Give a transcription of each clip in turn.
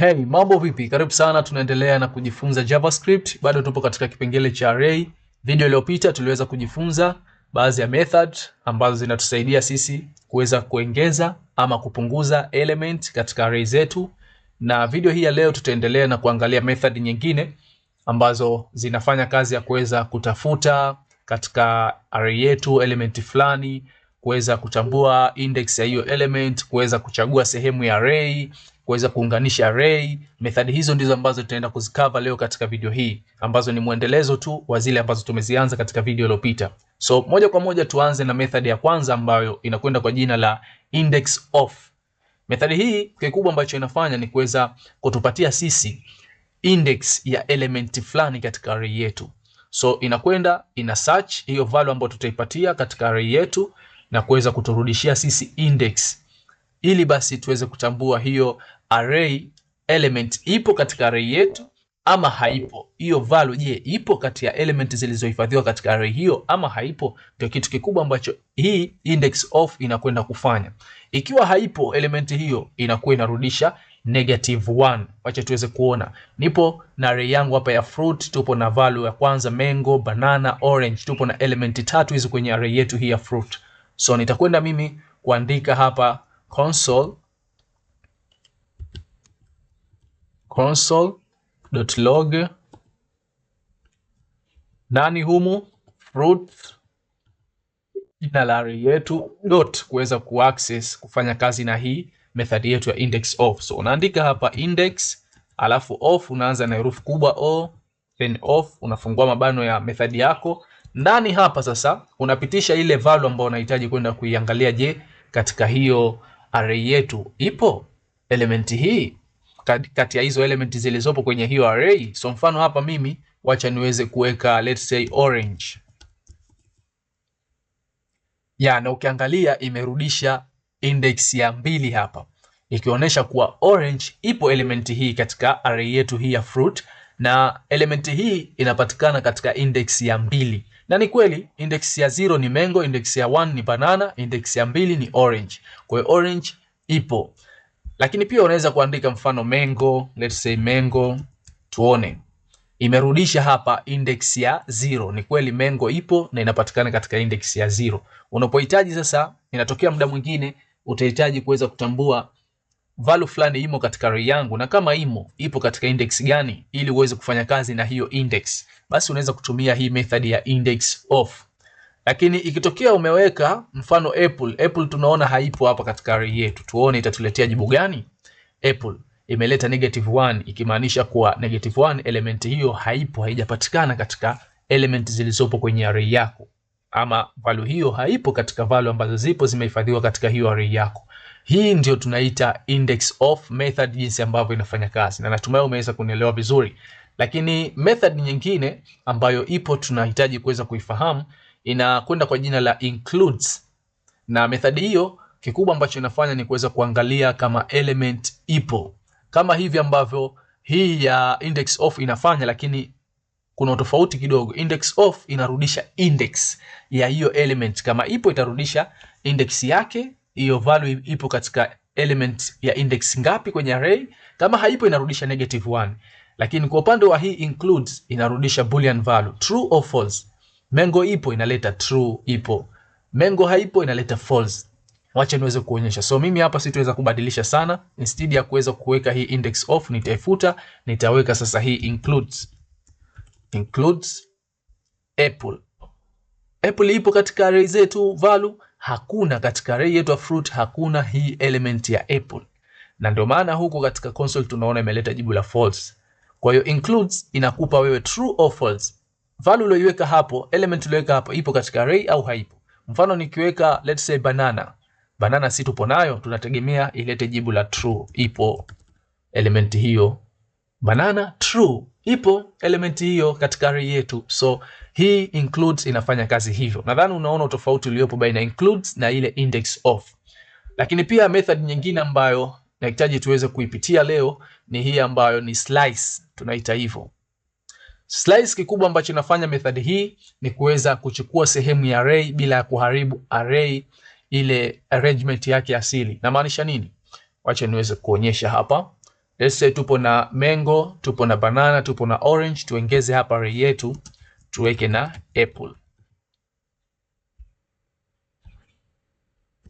Hey, mambo vipi? Karibu sana, tunaendelea na kujifunza JavaScript. Bado tupo katika kipengele cha array. Video iliyopita tuliweza kujifunza baadhi ya method ambazo zinatusaidia sisi kuweza kuongeza ama kupunguza element katika array zetu, na video hii ya leo tutaendelea na kuangalia method nyingine ambazo zinafanya kazi ya kuweza kutafuta katika array yetu element fulani, kuweza kutambua index ya hiyo element, kuweza kuchagua sehemu ya array kuweza kuunganisha array. Methodi hizo ndizo ambazo tutaenda kuzikava leo katika video hii ambazo ni mwendelezo tu wa zile ambazo tumezianza katika video iliyopita. So moja kwa moja tuanze na method ya kwanza ambayo inakwenda kwa jina la index of. Method hii kikubwa ambacho inafanya ni kuweza kutupatia sisi index ya element fulani katika array yetu. So inakwenda ina search hiyo value ambayo tutaipatia katika array yetu na kuweza kuturudishia sisi index ili basi tuweze kutambua hiyo array element ipo katika array yetu ama haipo. Hiyo value je, ipo kati ya element zilizohifadhiwa katika array hiyo ama haipo? Ndio kitu kikubwa ambacho hii index of inakwenda kufanya. Ikiwa haipo element hiyo, inakuwa inarudisha negative 1. Wacha tuweze kuona, nipo na array yangu hapa ya fruit, tupo na value ya kwanza mango, banana, orange, tupo na element tatu hizi kwenye array yetu hii ya fruit. So nitakwenda mimi kuandika hapa console console.log. Ndani humu root jina la array yetu dot kuweza kuaccess kufanya kazi na hii method yetu ya index of. So unaandika hapa index alafu of unaanza na herufi kubwa o then of unafungua mabano ya method yako. Ndani hapa sasa unapitisha ile value ambayo unahitaji kwenda kuiangalia. Je, katika hiyo array yetu ipo elementi hii? kati ya hizo element zilizopo kwenye hiyo array. So mfano hapa mimi wacha niweze kuweka let's say orange ya, na ukiangalia imerudisha index ya mbili hapa ikionyesha kuwa orange ipo elementi hii katika array yetu hii ya fruit, na elementi hii inapatikana katika index ya mbili. Na ni kweli index ya 0 ni mango, index ya 1 ni banana, index ya mbili ni orange. Kwa hiyo orange ipo lakini pia unaweza kuandika mfano Mengo, let's say Mengo, tuone imerudisha hapa index ya zero. Ni kweli Mengo ipo na inapatikana katika index ya zero. Unapohitaji sasa, inatokea muda mwingine utahitaji kuweza kutambua value fulani imo katika array yangu, na kama imo ipo katika index gani, ili uweze kufanya kazi na hiyo index, basi unaweza kutumia hii method ya index of lakini ikitokea umeweka mfano Apple. Apple tunaona haipo hapa katika array yetu, tuone itatuletea jibu gani. Apple imeleta negative 1 ikimaanisha kuwa negative 1 element hiyo haipo, haijapatikana katika element zilizopo kwenye array yako, ama value hiyo haipo katika value ambazo zipo zimehifadhiwa katika hiyo array yako. Hii ndio tunaita index of method, jinsi ambavyo inafanya kazi, na natumai umeweza kunielewa vizuri. Lakini method nyingine ambayo ipo tunahitaji kuweza kuifahamu inakwenda kwa jina la includes, na methodi hiyo kikubwa ambacho inafanya ni kuweza kuangalia kama element ipo kama hivi ambavyo hii ya index of inafanya, lakini kuna tofauti kidogo. Index of inarudisha index ya hiyo element, kama ipo itarudisha index yake, hiyo value ipo katika element ya index ngapi kwenye array. Kama haipo inarudisha negative 1, lakini kwa upande wa hii includes inarudisha boolean value true or false. Mengo ipo inaleta true, ipo mengo haipo inaleta false. Wacha niweze kuonyesha. So mimi hapa sitaweza kubadilisha sana, instead ya kuweza kuweka hii index off nitaifuta, nitaweka sasa hii includes includes apple. Apple ipo katika array zetu value, hakuna katika array yetu ya fruit, hakuna hii element ya apple, na ndio maana huko katika console tunaona imeleta jibu la false. Kwa hiyo includes inakupa wewe true or false value uliyoiweka hapo, element uliyoweka hapo ipo katika array au haipo. Mfano nikiweka let's say banana. Banana si tupo nayo, tunategemea ilete jibu la true. Ipo element hiyo banana, true. Ipo element hiyo katika array yetu, so hii includes inafanya kazi hivyo. Nadhani unaona tofauti uliopo baina includes na ile index of. Lakini pia method nyingine ambayo nahitaji tuweze kuipitia leo ni hii ambayo ni slice, tunaita hivyo Slice kikubwa ambacho inafanya methodi hii ni kuweza kuchukua sehemu ya array bila ya kuharibu array ile arrangement yake asili. Namaanisha nini? Wacha niweze kuonyesha hapa. Let's say tupo na mango, tupo na banana, tupo na orange, tuongeze hapa array yetu, tuweke na apple.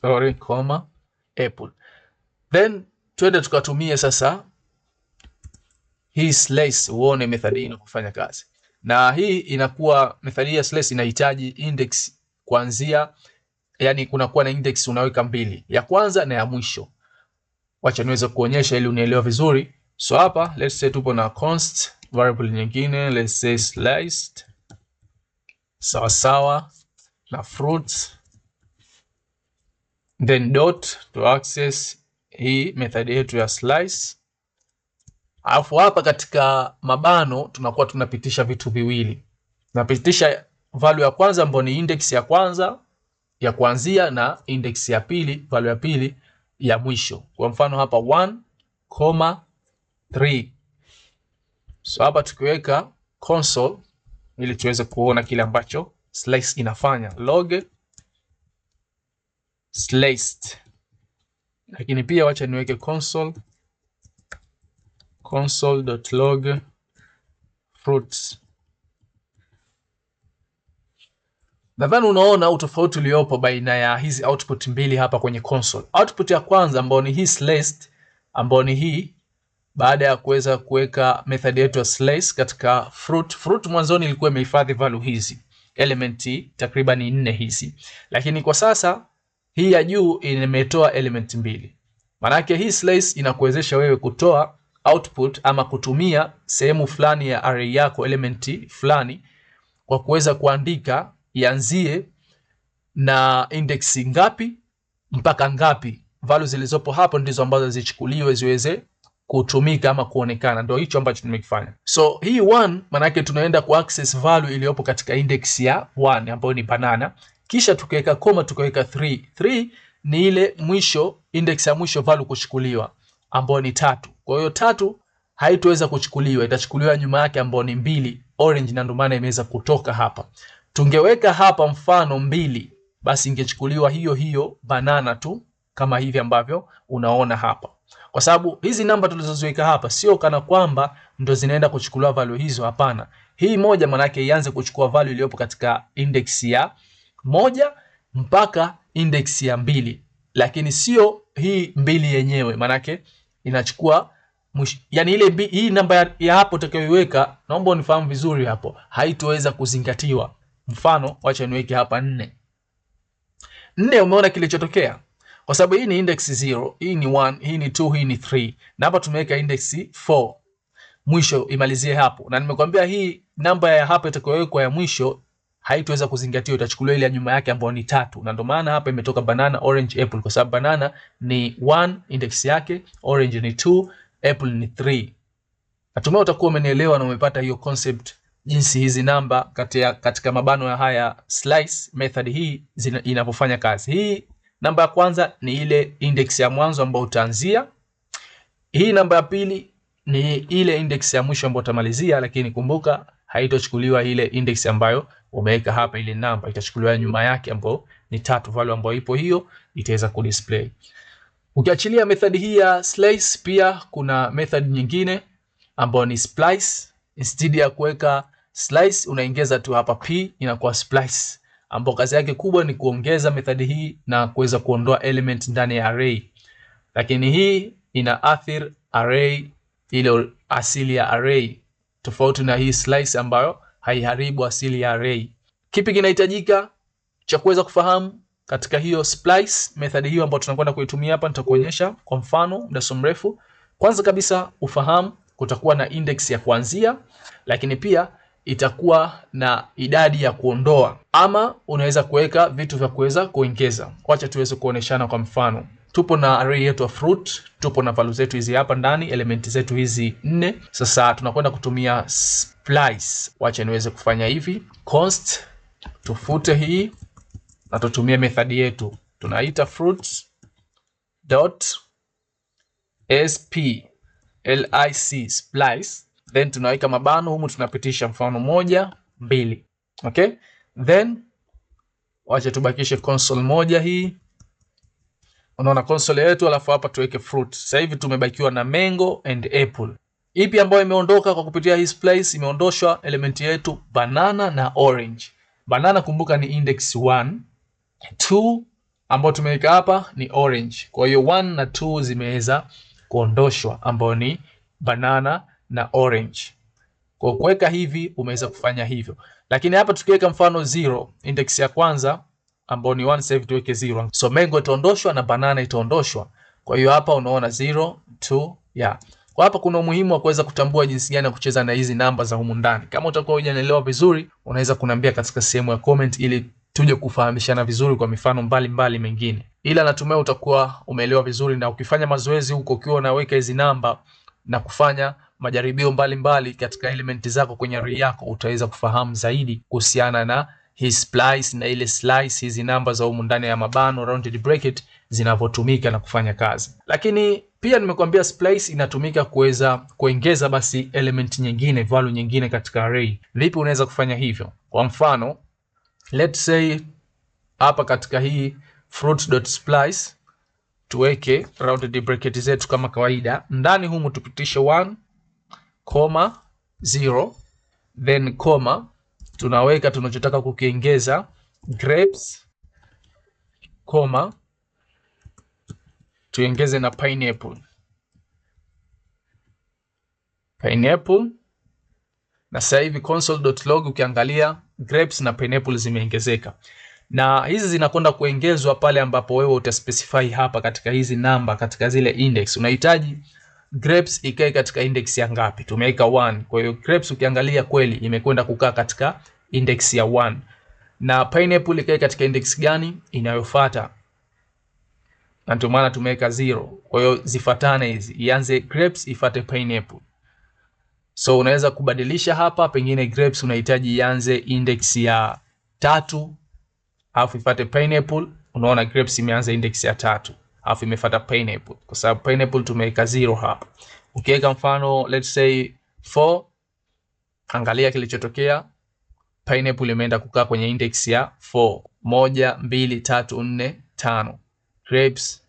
Sorry, comma apple. Then twende tukatumie sasa hii slice uone method hii inafanya kazi, na hii inakuwa method ya slice inahitaji index kuanzia, yani kunakuwa na index unaweka mbili, ya kwanza na ya mwisho. Wacha niweze kuonyesha ili unielewe vizuri. So hapa let's say tupo na const variable nyingine let's say sliced sawa sawa na fruit then dot to access hii method yetu ya slice Alafu hapa katika mabano tunakuwa tunapitisha vitu viwili, tunapitisha value ya kwanza ambayo ni index ya kwanza ya kuanzia na index ya pili, value ya pili ya mwisho. Kwa mfano hapa 1,3. So hapa tukiweka console ili tuweze kuona kile ambacho slice inafanya log sliced, lakini pia wacha niweke console console.log fruits. Nadhani unaona utofauti uliopo baina ya hizi output mbili hapa kwenye console. Output ya kwanza ambayo ni hii sliced, ambayo ni hii baada ya kuweza kuweka method yetu ya slice katika fruit. Fruit mwanzoni ilikuwa imehifadhi value hizi element takriban nne hizi, lakini kwa sasa hii ya juu imetoa element mbili. Maanake hii slice inakuwezesha wewe kutoa output ama kutumia sehemu fulani ya array yako elementi fulani kwa kuweza kuandika ianzie na index ngapi mpaka ngapi, values zilizopo hapo ndizo ambazo zichukuliwe ziweze kutumika ama kuonekana. Ndio hicho ambacho tumekifanya. So hii one maana yake tunaenda ku access value iliyopo katika index ya 1 ambayo ni banana, kisha tukaweka koma tukaweka 3. 3 ni ile mwisho index ya mwisho value kuchukuliwa ambayo ni tatu. Kwa hiyo tatu haitoweza kuchukuliwa, itachukuliwa nyuma yake ambayo ni mbili orange, na ndio maana imeweza kutoka hapa. Tungeweka hapa mfano mbili, basi ingechukuliwa hiyo hiyo banana tu kama hivi ambavyo unaona hapa, kwa sababu hizi namba tulizoziweka hapa sio kana kwamba ndo zinaenda kuchukuliwa value hizo. Hapana, hii moja maana yake ianze kuchukua value iliyopo katika index ya moja mpaka index ya mbili, lakini sio hii mbili yenyewe, maanake inachukua mwisho. Yani ile b, hii namba ya, ya hapo utakayoiweka, naomba unifahamu vizuri hapo, haitoweza kuzingatiwa. Mfano, wacha niweke hapa nne. Nne, umeona kilichotokea kwa sababu hii ni index 0, hii ni 1, hii ni 2, hii ni 3 na hapa tumeweka index 4. Mwisho imalizie hapo, na nimekwambia hii namba ya hapa itakayowekwa ya mwisho haitoweza kuzingatiwa, itachukuliwa ile ya nyuma yake ambayo ni tatu, na ndio maana hapa imetoka banana, orange, apple, kwa sababu banana ni 1 index yake, orange ni 2 Apple ni 3. Natumai utakuwa umenielewa na umepata hiyo concept jinsi hizi namba katia, katika mabano ya haya slice method hii inavyofanya kazi. Hii namba ya kwanza ni ile index ya mwanzo ambayo utaanzia. Hii namba ya pili ni ile index ya mwisho ambayo utamalizia, lakini kumbuka haitochukuliwa ile index ambayo umeweka hapa, ile namba itachukuliwa nyuma yake ambayo ni tatu, value ambayo ipo hiyo itaweza kudisplay. Ukiachilia method hii ya slice, pia kuna method nyingine ambayo ni splice. Instead ya kuweka slice, unaingeza tu hapa p inakuwa splice, ambapo kazi yake kubwa ni kuongeza method hii na kuweza kuondoa element ndani ya array, lakini hii ina athir array ile asili ya array, tofauti na hii slice ambayo haiharibu asili ya array. Kipi kinahitajika cha kuweza kufahamu? Katika hiyo splice method hiyo ambayo tunakwenda kuitumia hapa, nitakuonyesha kwa mfano muda so mrefu. Kwanza kabisa ufahamu, kutakuwa na index ya kuanzia, lakini pia itakuwa na idadi ya kuondoa, ama unaweza kuweka vitu vya kuweza kuongeza. Wacha tuweze kuoneshana kwa mfano, tupo na array yetu ya fruit, tupo na value zetu hizi hapa ndani, element zetu hizi nne. Sasa tunakwenda kutumia splice. Wacha niweze kufanya hivi, const tufute hii na tutumie methodi yetu tunaita fruits dot sp lic splice, then tunaweka mabano humu, tunapitisha mfano moja mbili, okay, then wacha tubakishe console moja hii, unaona console yetu, alafu hapa tuweke fruit. Sasa hivi tumebakiwa na mango and apple. Ipi ambayo imeondoka kwa kupitia hii splice? Imeondoshwa elementi yetu banana na orange. Banana kumbuka ni index 2 ambayo tumeweka hapa ni orange. Kwa hiyo 1 na 2 zimeweza kuondoshwa, ambayo ni banana na orange. Kwa kuweka hivi umeweza kufanya hivyo, lakini hapa tukiweka mfano 0 index ya kwanza ambayo ni 1 save tuweke 0. So mango itaondoshwa na banana itaondoshwa. Kwa hiyo hapa unaona 0 2 yeah. Kwa hapa kuna umuhimu wa kuweza kutambua jinsi gani ya kucheza na hizi namba za humu ndani. Kama utakuwa hujanielewa vizuri, unaweza kuniambia katika sehemu ya comment ili tuje kufahamishana vizuri kwa mifano mbalimbali mengine, ila natumai utakuwa umeelewa vizuri, na ukifanya mazoezi huko ukiwa unaweka hizi namba na kufanya majaribio mbalimbali mbali katika elementi zako kwenye array yako, utaweza kufahamu zaidi kuhusiana na hii splice na ile slice, hizi namba za humu ndani ya mabano rounded bracket zinavyotumika na kufanya kazi. Lakini pia nimekuambia splice inatumika kuweza kuongeza basi element nyingine, value nyingine katika array. Vipi unaweza kufanya hivyo? Kwa mfano Let's say hapa katika hii fruit.splice tuweke rounded bracket zetu kama kawaida, ndani humu tupitishe 1 comma 0 then comma, tunaweka tunachotaka kukiongeza grapes comma, tuongeze na pineapple pineapple na sasa hivi console.log ukiangalia grapes na pineapple zimeongezeka, na hizi zinakwenda kuongezwa pale ambapo wewe utaspecify hapa katika hizi namba, katika zile index unahitaji grapes ikae katika index ya ngapi. Tumeweka 1, kwa hiyo grapes ukiangalia kweli imekwenda kukaa katika index ya 1, na pineapple ikae katika index gani inayofuata na ndio maana tumeweka 0. Kwa hiyo zifuatane hizi, ianze grapes ifuate pineapple. So unaweza kubadilisha hapa, pengine grapes unahitaji ianze index ya tatu alafu ifuate pineapple. Unaona grapes imeanza index ya tatu alafu imefuata pineapple, kwa sababu pineapple tumeweka zero hapa. Ukiweka mfano let's say 4, angalia kilichotokea. Pineapple imeenda kukaa kwenye index ya 4, moja, mbili, tatu, nne, tano. Grapes,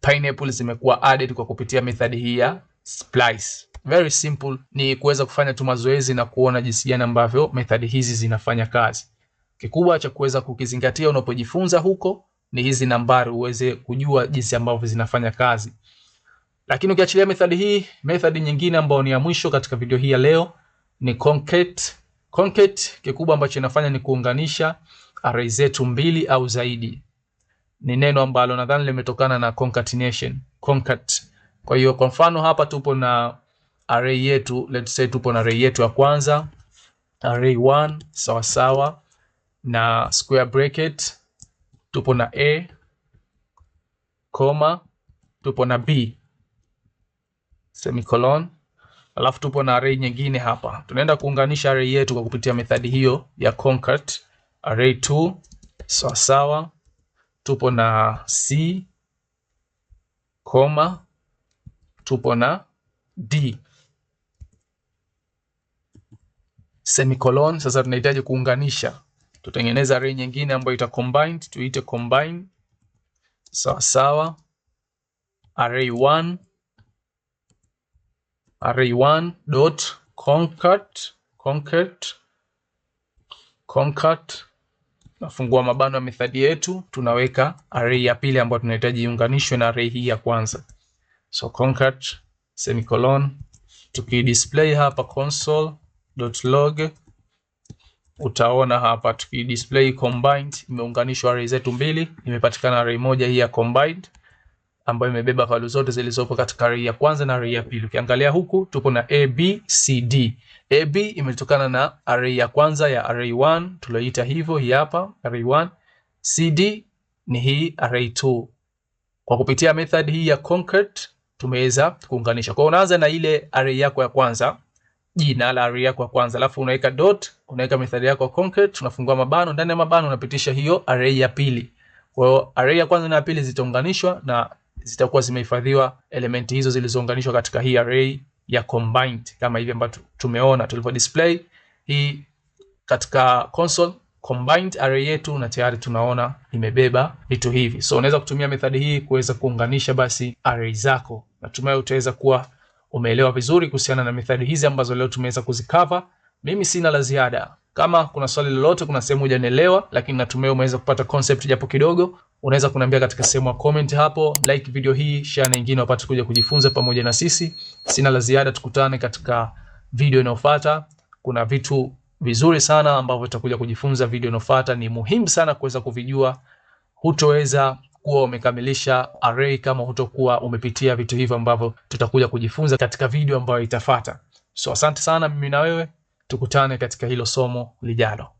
pineapple zimekuwa added kwa kupitia method hii ya splice very simple, ni kuweza kufanya tu mazoezi na kuona jinsi gani ambavyo methodi hizi zinafanya kazi. Kikubwa cha kuweza kukizingatia unapojifunza huko ni hizi nambari, uweze kujua jinsi ambavyo zinafanya kazi. Lakini ukiachilia methodi hii, methodi nyingine ambayo ni ya mwisho katika video hii ya leo ni concat. Concat kikubwa ambacho inafanya ni kuunganisha array zetu mbili au zaidi. Ni neno ambalo nadhani limetokana na concatenation, concat. Kwa hiyo kwa mfano hapa tupo na array yetu, let's say tupo na array yetu ya kwanza array 1 sawa sawa na square bracket, tupo na a koma, tupo na b semicolon, alafu tupo na array nyingine hapa. Tunaenda kuunganisha array yetu kwa kupitia methodi hiyo ya concat array 2 sawa sawa, tupo na c koma, tupo na d semicolon. Sasa tunahitaji kuunganisha, tutengeneza array nyingine ambayo ita combined, tuite combine sawa sawa, array1 array1 dot concat concat concat, nafungua mabano ya methodi yetu, tunaweka array ya pili ambayo tunahitaji iunganishwe na array hii ya kwanza, so concat semicolon, tukidisplay hapa console log utaona hapa tuki display combined imeunganishwa array zetu mbili, imepatikana array moja hii ya combined ambayo imebeba value zote zilizopo katika array ya kwanza na array ya pili. Ukiangalia huku tupo na a b c d. A b imetokana na array ya kwanza ya array 1 tulioita hivyo, hii hapa array 1. C d ni hii array 2. Kwa kupitia method hii ya concat tumeweza kuunganisha. Kwa unaanza na ile array yako ya kwanza jina la aria yako ya kwanza, alafu unaweka dot, unaweka methali yako concrete, unafungua mabano, ndani ya mabano unapitisha hiyo array ya pili. Kwa hiyo array ya kwanza na ya pili zitaunganishwa na zitakuwa zimehifadhiwa elementi hizo zilizounganishwa katika hii array ya combined, kama hivi ambavyo tumeona tulivyo display hii katika console combined array yetu, na tayari tunaona imebeba vitu hivi. So unaweza kutumia methodi hii kuweza kuunganisha basi array zako. Natumai utaweza kuwa umeelewa vizuri kuhusiana na methali hizi ambazo leo tumeweza kuzikava. Mimi sina la ziada. Kama kuna swali lolote, kuna sehemu hujanielewa, lakini natumai umeweza kupata concept japo kidogo, unaweza kuniambia katika sehemu ya comment hapo, like video hii, share na wengine wapate kuja kujifunza pamoja na sisi. Sina la ziada, tukutane katika video inayofuata. Kuna vitu vizuri sana ambavyo tutakuja kujifunza video inayofuata, ni muhimu sana kuweza kuvijua, hutoweza kuwa umekamilisha array kama hutokuwa umepitia vitu hivyo ambavyo tutakuja kujifunza katika video ambayo itafata. So asante sana, mimi na wewe tukutane katika hilo somo lijalo.